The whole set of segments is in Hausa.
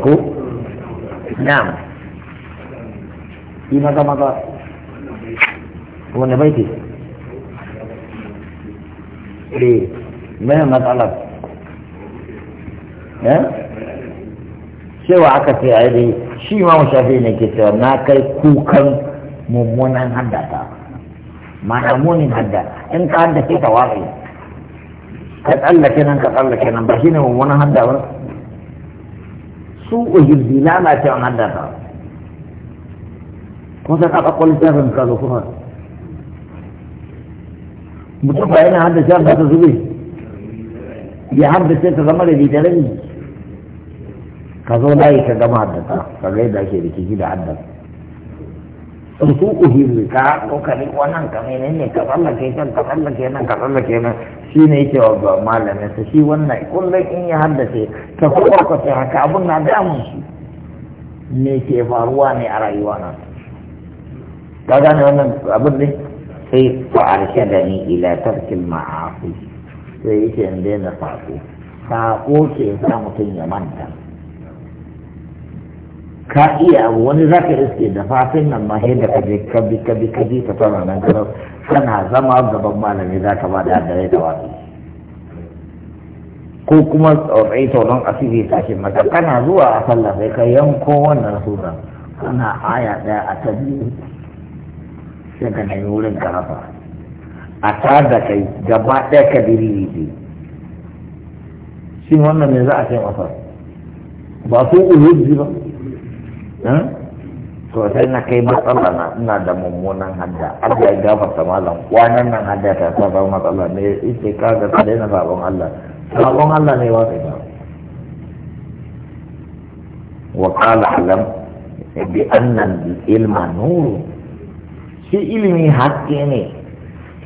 ko na'am yi maza maza wani baiti eh mai matsalar cewa aka ce a yi shi ma mushafi ne ke cewa na kai kukan mummunan haddata ma'ana munin hadda in ka haddace ta waƙi ka tsallake nan ka tsallake nan ba shi ne mummunan su'u hirzi hada ta kuma san aka kwalli ka zo kuma mutum ba yana shi ba ta zube ya haddace ta zama da bitarin ka zo layi ka gama ta ka gaida ake rikici da ta rusu'uhi ka kokari nan ka menene ka tsallake kan ka tsallake nan ka tsallake nan shi ne yake wa malamin sa shi wannan kullum in ya haddace ta ce haka abun na damun shi me ke faruwa ne a rayuwa na ka gane wannan abun ne sai fa arshe da ni ila tarkil ma'afi sai yake in daina saƙo. Saƙo ke sa mutum ya manta ka iya abu wani za ka iske da fatin nan ma da ka je kabi kabi kabi ka tona nan kana kana zama gaban malami za ka ba da dare da wani ko kuma tsotsai tauron asiri tashi mata. kana zuwa a sallah sai ka yanko wannan sunan kana aya daya a ta biyu sai ka nemi wurin ka a ta da kai gaba ɗaya ka diriri shin wannan me za a ce masa ba su ulubi ba sosai na kai matsala na ina da mummunan hadda Allah ya gafarta malam kwanan nan hadda ta saba ba matsala ne ita ka ga ka daina sabon Allah sabon Allah ne wa kai wa qala alam bi anna al ilma nur shi ilimi hakke ne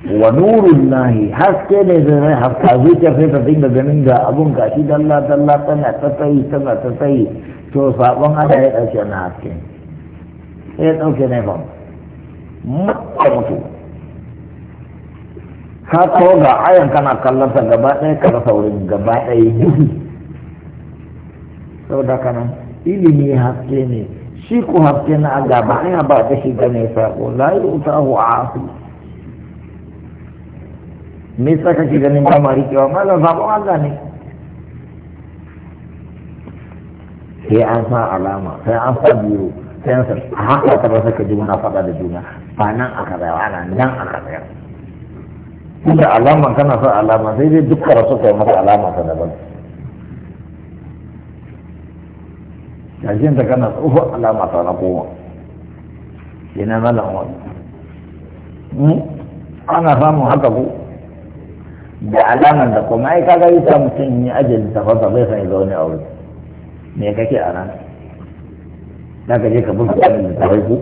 wa nurun nahi haske ne zai haska zuciyar sai ta dinga ganin ga abun gashi dalla dalla tana ta tsayi tana ta tsayi to sabon ana ya ɗauke na haske ya ɗauke ne ba mutu mutu ka to ga ayan kana kallon ta gaba ɗaya ka rasa wurin gaba ɗaya sau saboda kana ilimi haske ne shi ku haske na gaba ɗaya ba ta shiga ne sako la yi hu a asiri me yasa kake ganin ba ma riƙewa malam wa Allah ne sai an sa alama sai an sa biyu sai an sa haka ta ba saka juna faɗa da juna ba nan aka tsaya ana nan aka tsaya da alama kana sa alama sai dai duk rasu kai masa alama ta daban gashin ta kana tsohon alama ta na koma yana malam wani hmm? ana samun haka ko da alaman da kuma ai kaga yi sa mutum ya ajiye da bai san ya zaune a wuri me kake a ran za ka je ka buga da ta ku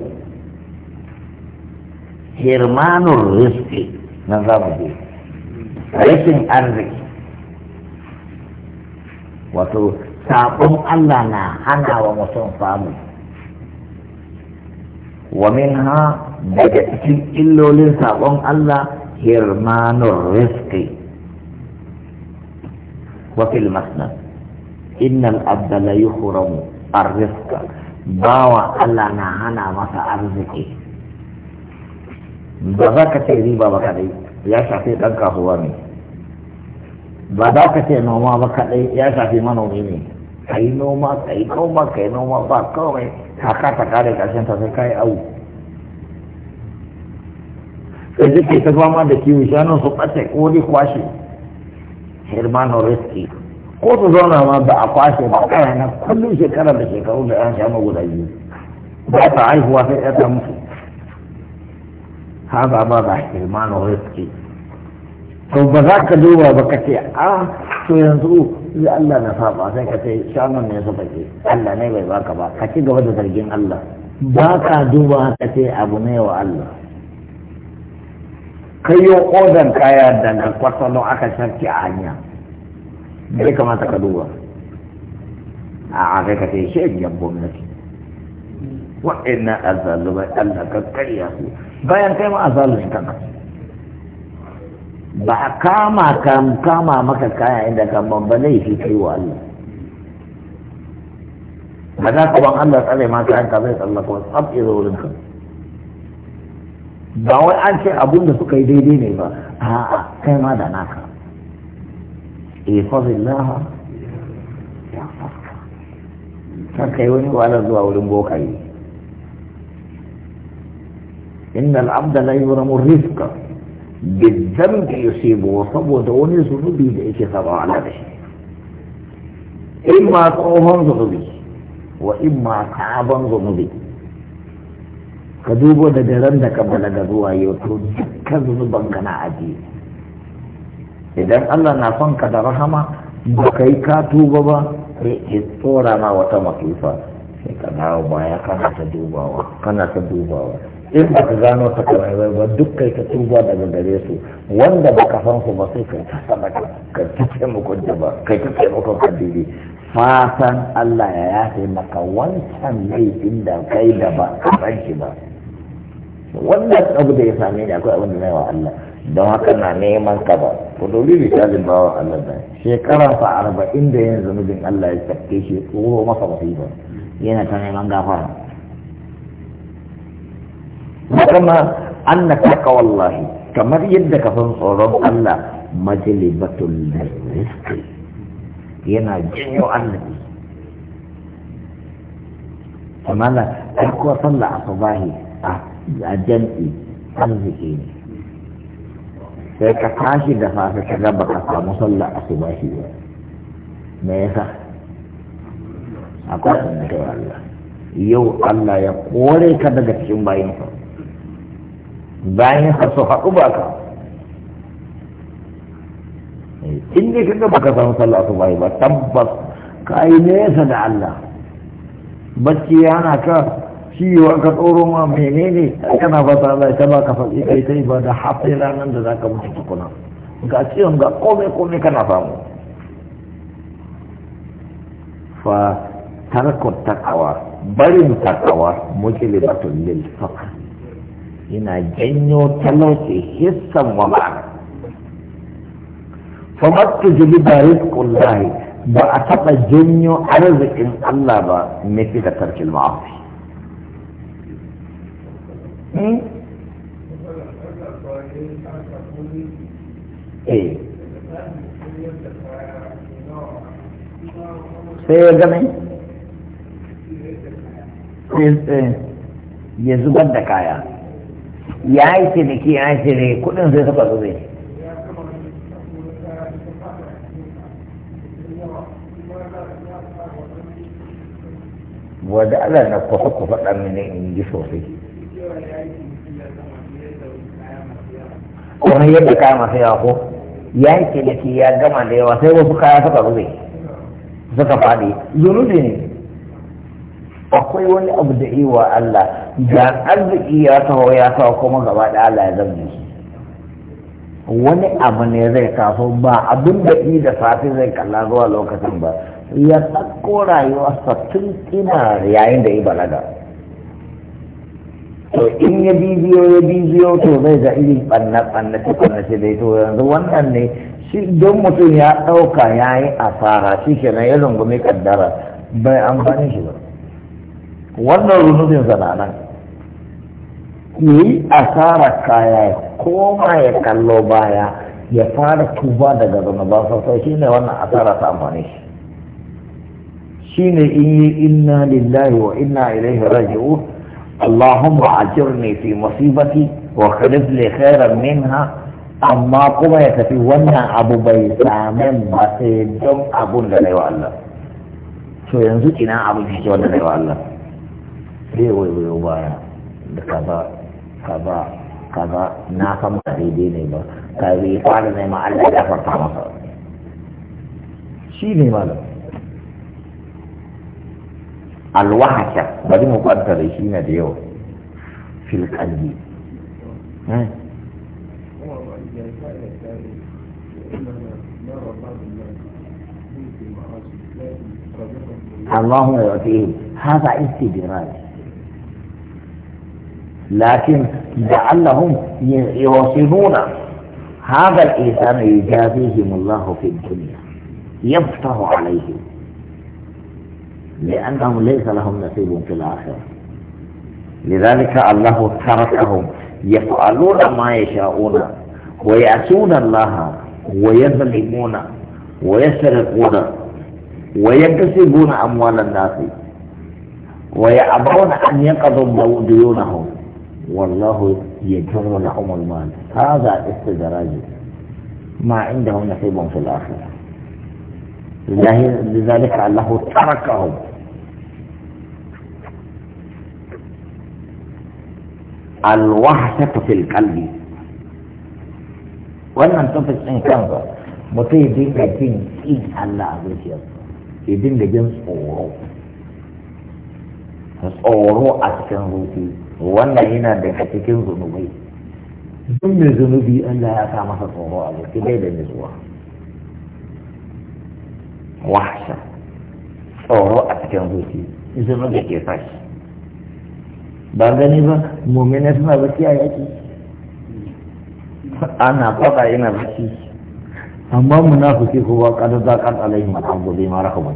hirmanun riski nan za mu je rikin arziki wato sabon Allah na hana wa mutum samu wa minha daga cikin illolin sabon Allah hirmanun riski wa fil masnad innal abda la yuhramu arzqa bawa allah na hana masa arziki baba kace ni baba kadai ya shafe dan kafuwa ne baba kace no ma baba kadai ya shafe manomi kai no kai ko kai no ma ba ko kare ka san kai au sai ji ki ta da kiwo shanu an so ba ta kodi kwashi Hirman riski ko su zauna ma ba a kwashe ba na kullum shekara da shekaru da yan shama guda biyu ba ta haihuwa sai ya ta mutu haza ba za hirman riski to ba za ka duba ba ka ce a to yanzu zai Allah na saba sai ka ce shanun ne su ce Allah ne bai baka ba ka ci gaba da zargin Allah ba ka duba ka ce abu ne wa Allah kai yi odar kaya daga kwatano aka shafi a hanya ya kamata ka duba a kai ka sai shegiyar gwamnati wa'ina azalubai allah ka karya su bayan kai ma azalun kanka ba a kama kama maka kaya inda ka babba laifi kai wa allah ba za ka ban allah tsare ma kayan ka zai tsallaka wasu tsab izo wurin kanka ba wai an ce abun da suka yi daidai ne ba a'a kai ma da naka ifazillah eh, ya faka kan kai wani wala zuwa wurin bokaye inna al'abda la yuramu rizqa bidzan da yusibu saboda wani zunubi da yake saba Allah da shi imma tsohon zunubi wa in ma sabon zunubi ka dubo da daren da ka balaga ruwa yau to dukkan zunuban ka na aji idan Allah na son ka da rahama ba ka yi ka tuba ba ya tsora ma wata masifa sai ka dawo baya kana ta dubawa kana ta dubawa in ba ka gano ta kamar ba duk kai ka tuba daga gare su wanda ba ka san su ba sai ka ta sama ka ta taimakon da ba kai ta taimakon kadiri fatan Allah ya yafe maka wancan laifin da kai da ba ka san shi ba wannan abu da ya same ni akwai abin da na yi wa Allah don haka na neman ka ba ku dubi ba wa Allah da shekara fa arba'in da yanzu mijin Allah ya tafke shi tsoro masa musiba yana ta neman gafara kuma an na taka wallahi kamar yadda ka san tsoron Allah majalibatul rizqi yana janyo annabi kamar da kuwa sallah asubahi a ah, a jam'i arziki ne sai ka tashi da safe ka ga ka samu sallah asuba shi ba me yasa akwai sanin kai Allah yau Allah ya kore ka daga cikin bayan sa bayan sa su haɗu ba ka eh, in dai kaga baka samu sallah asuba ba tabbas ka yi nesa da Allah bacci yana ka wa ka tsoro ma menene kana fata Allah ta baka faɗi kai ta ba da hafi ranar da zaka mutu tukuna ga ciyon ga komai komai kana samu fa tarkon takawa barin takawa batun lil faqr ina janyo talauci hissan wa ma'ana fa mattu jilba rizqullahi ba a taba janyo arzikin Allah ba mefi da tarkil ma'afi Hmm? Eh. sai ya gane eh, ya zubar da kaya ya yi ciniki ya yi ciniki kudin zai suka zube wadda ala na kwafa kwafa ɗan mini in ji sosai Wani yadda kaya masu yawa ko ya yi ke ya gama da yawa sai wasu kaya suka rube suka faɗi zunubi ne akwai wani abu da iwa Allah da arziki ya taho ya taho kuma gaba da Allah ya zama wani abu ne zai taso ba abin da ɗi da safe zai kalla zuwa lokacin ba ya tsakko rayuwa sattun ina yayin da i balaga. to in ya bibiyo ya bibiyo to zai ga irin ɓanna ɓannace dai to yanzu wannan ne shi don mutum ya ɗauka ya yi asara shi kenan ya rungumi kaddara bai amfani shi ba wannan runubin sananan ya yi asara kaya koma ya kallo baya ya fara tuba daga zama sau sassau shi ne wannan asara ta amfani shi shi ne in yi inna lillahi wa inna ilaihi raji'un اللهم أجرني في مصيبتي وخلف لي خيرا منها amma kuma ya tafi wannan abu bai samin ba sai don abun da naiwa Allah to yanzu ina abu ke wanda naiwa Allah sai waiwayo baya da kaza kaza kaza na ba daidai الوحشه بعدين مقدر kwanta da في na da yawa اللهم يعطيه هذا استدراج لكن لعلهم يوصفون هذا الانسان يجازيهم الله في الدنيا يفتح عليهم لأنهم ليس لهم نصيب في الآخرة لذلك الله تركهم يفعلون ما يشاءون ويأتون الله ويظلمون ويسرقون ويكسبون أموال الناس ويأبون أن يقضوا ديونهم والله يجر لهم المال هذا استدراج ما عندهم نصيب في الآخرة لذلك الله تركهم alwahsatu fil qalbi wannan tafis ɗin kansa mutum ya dinga jin ƙin Allah a zuciyarsa ya dinga jin tsoro tsoro a cikin zuci wannan yana daga cikin zunubai duk mai zunubi Allah ya sa masa tsoro a zuci bai da nutsuwa wahsha tsoro a cikin zuci zunubi ke sashi ba gani ba mummina suna baki a yaki ana faɗa ina baki amma munafiki ko ba kada za ka alaihi ma mara gobe ma rahama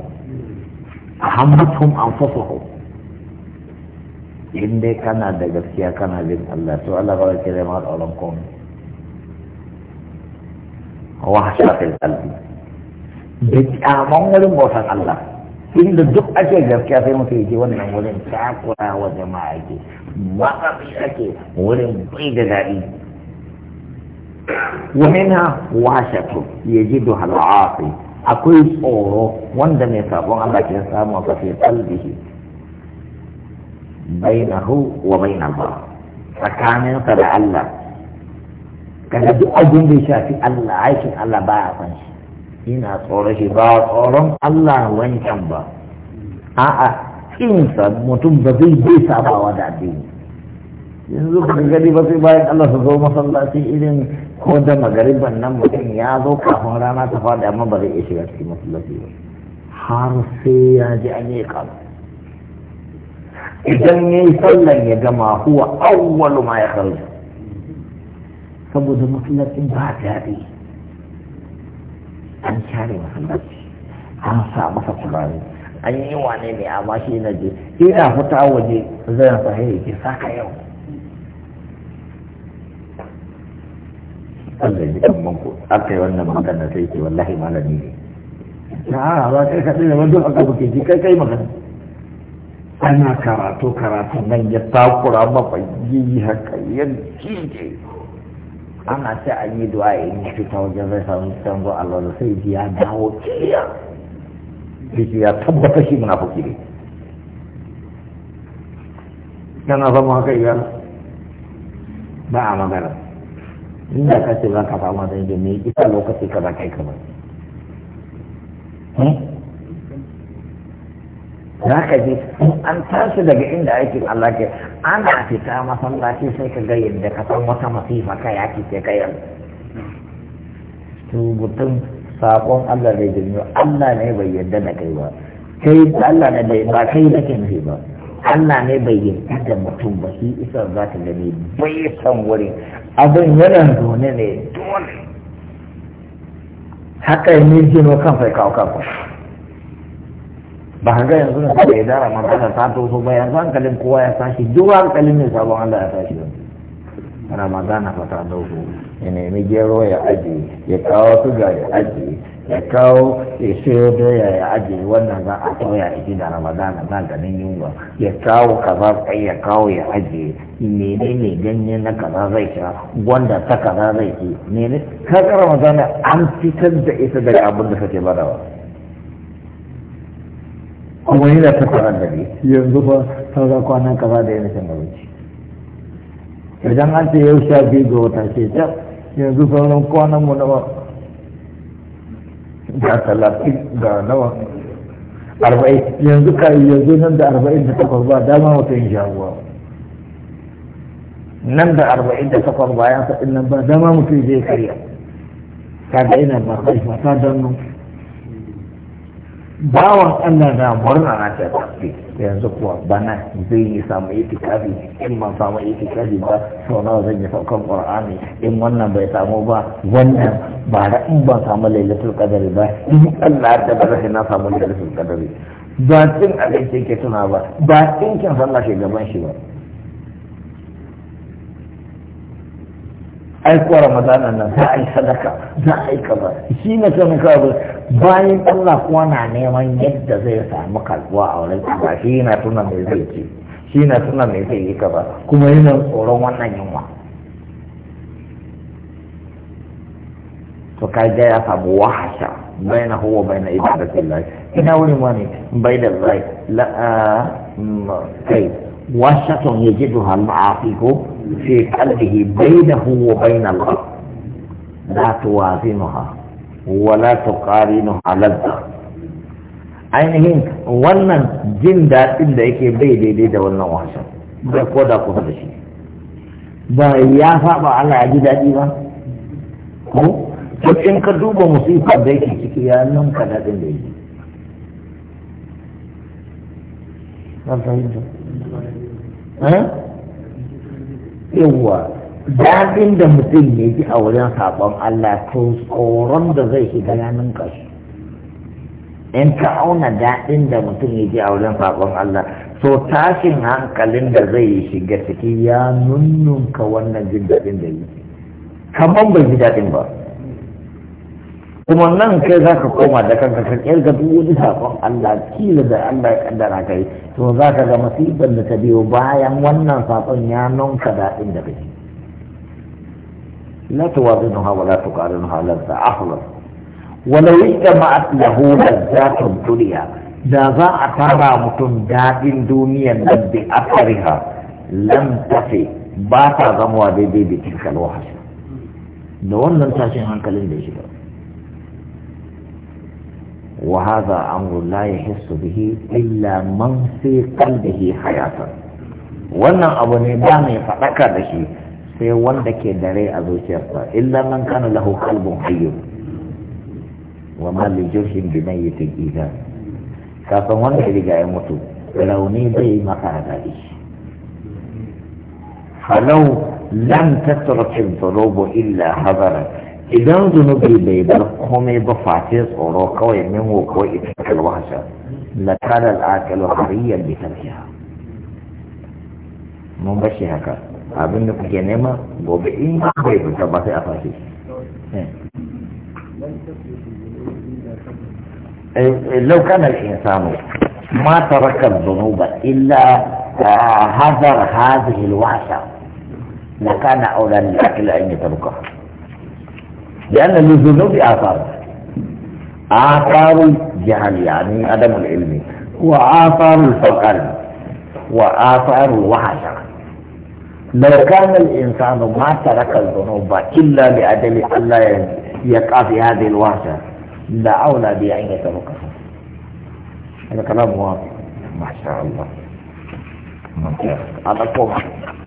ahammatum anfusuhum in dai kana da gaskiya kana bin Allah to Allah ba ke da ma tsoron komai wa hasha fil qalbi bi kyaman wurin bautan Allah inda duk ake gaskiya sai mutum yake wannan wurin takura wa jama'a yake wakafi ake wurin bai da daɗi wamina washatu ya ji da hal'afi akwai tsoro wanda mai sabon Allah ke samu a kafin kalbihi bainahu wa bainallah tsakaninsa da Allah kada duk abin da ya shafi Allah aikin Allah ba a san shi ina tsoron shi ba tsoron Allah wancan ba a'a kinsa mutum ba zai bai sabawa da addini yanzu ka gari ba sai bayan Allah su zo masallaci irin ko da magariban nan mutum ya zo kafin rana ta fada amma ba zai iya shiga cikin masallaci ba har sai ya ji an yi kan idan ya yi sallan ya gama huwa awwalu ma ya karu saboda masallacin ba daɗi an share masallaci an sa masa turare an yi wane ne amma shi na je ina fita waje zai sa ya ke saka yau Allah ya kan manko aka yi wannan magana sai ke wallahi malami ne na ba kai ka tsira wanda aka buke ji kai kai magana ana karatu karatu nan ya takura maka yi haka yanki ne ana sai an yi du'a in ya fita wajen zai samu canzo Allah da sai ji ya dawo kiriya shi ya tabbata shi muna fuki ne yana zama haka iyal ba a magana inda ka ce za ka fama da yadda ne ita lokaci ka za kai kamar za ka je an tashi daga inda aikin Allah ke ana fita masallaci sai ka gayyar da ka san wata masifa ka yaki ke ka to mutum sakon Allah da jirgin Allah ne bai yarda da kai ba kai Allah ne bai ba kai da kai ba Allah ne bai yarda da mutum ba shi isa za ka gani bai san wurin abin yana zaune ne dole haka ne jino kan fai kawo kawo ba ga yanzu na saka idara magana ta so ba yanzu kalin kowa ya tashi duk kalin ne sabon Allah ya tashi ana magana fa ta dauko ya nemi gero ya aje ya kawo suga ya aje ya kawo ya sayo doya ya aje wannan za a soya a da ramadana na ganin yunwa ya kawo kaza tsaye ya kawo ya aje mene ne ganye na kaza zai sha gwanda ta kaza zai ci ka ramadana an fitar da ita daga abin da kake badawa kuma yana ta tsaron da ne yanzu ba sauran kwanan kaza da yana cin abinci idan an ce yau sha biyu ga wata ce ta yanzu sauran kwanan mu nawa ga talatin ga nawa arba'in yanzu ka yanzu nan da arba'in da takwas ba dama mutum sha ruwa nan da arba'in da takwas bayan sa'in nan ba dama mutum zai karya kaga ina ba kai ta don nan bawan Allah na murna na ta tafi yanzu kuwa bana zai yi samu itikafi in ban samu itikafi ba sau nawa zan yi saukan qur'ani in wannan bai samu ba wannan ba da in ban samu lailatul kadari ba in Allah da ba zai na samu lailatul qadari ba tun abin ke tuna ba ba tun kin sallah ke gaban shi ba aikuwar Ramadana nan za a yi sadaka za a yi kaza shi ne son kawai bayan allah kuwa na neman yadda zai samu kalbuwa a wurin kaza shi yana tuna mai zai ce shi yana tuna mai zai yi kaza kuma yana tsoron wannan yunwa to ka ga ya samu wahasha bai na huwa bai na ibadatin lai ina ma wani bai da zai ah, mm, kai وشة يجدها المعاصي في قلبه بينه وبين الله لا توازنها ولا تقارنها لذة ainihin wannan jin daɗin da yake bai daidai da wannan wasan bai ko da kusa da shi ba ya saba Allah ya ji daɗi ba ko to in ka duba musifar da yake ciki ya nan ka daɗin da yake yawwa daɗin da mutum ya ji a wajen sabon Allah to tsoron da zai shiga ya ninka in ka auna daɗin da mutum ya ji a wajen sabon Allah so tashin hankalin da zai shiga ciki ya nunnunka wannan jin daɗin da yi kamar bai ji daɗin ba kuma nan kai za ka koma da kanka ka kirga duk wani Allah kila da Allah ya ƙaddara kai to za ka ga masibar da ta biyo bayan wannan saƙon ya nunka daɗin da kake لا توازنها ولا تقارنها لذة أخلص ولو اجتمعت za ta duniya da za a tara mutum daɗin duniyan nan bi asariha lam tafi ba ta wa daidai da kalwa da wannan tashin hankalin da ya shiga وهذا أمر لا يحس به إلا من في قلبه حياة wannan abu ne ba mai faɗaka da shi sai wanda ke da rai a zuciyarsa illa man kana lahu qalbun hayy wa ma li jurhin bi mayyitin idza kafin wanda ya riga ya mutu rauni zai maka hadari falau lam tatruk dhunubu illa hadarat idan zunubi bai bar komai ba face tsoro kawai min ko ita kalwasa la kana al-aqil hariyan bi tarkiha mun bashi haka abin da kuke nema gobe in ba bai fita ba sai a fashe لو كان الإنسان ما ترك الذنوب إلا هذر هذه الوحشة لكان أولى للأكل أن يتركها لأن للذنوب آثار آثار الجهل يعني عدم العلم وآثار الفقر وآثار الوحشة لو كان الإنسان ما ترك الذنوب إلا لأجل ألا يقع في هذه الوحشة لأولى بأن يتركها هذا كلام واضح ما شاء الله ممتاز هذا كومة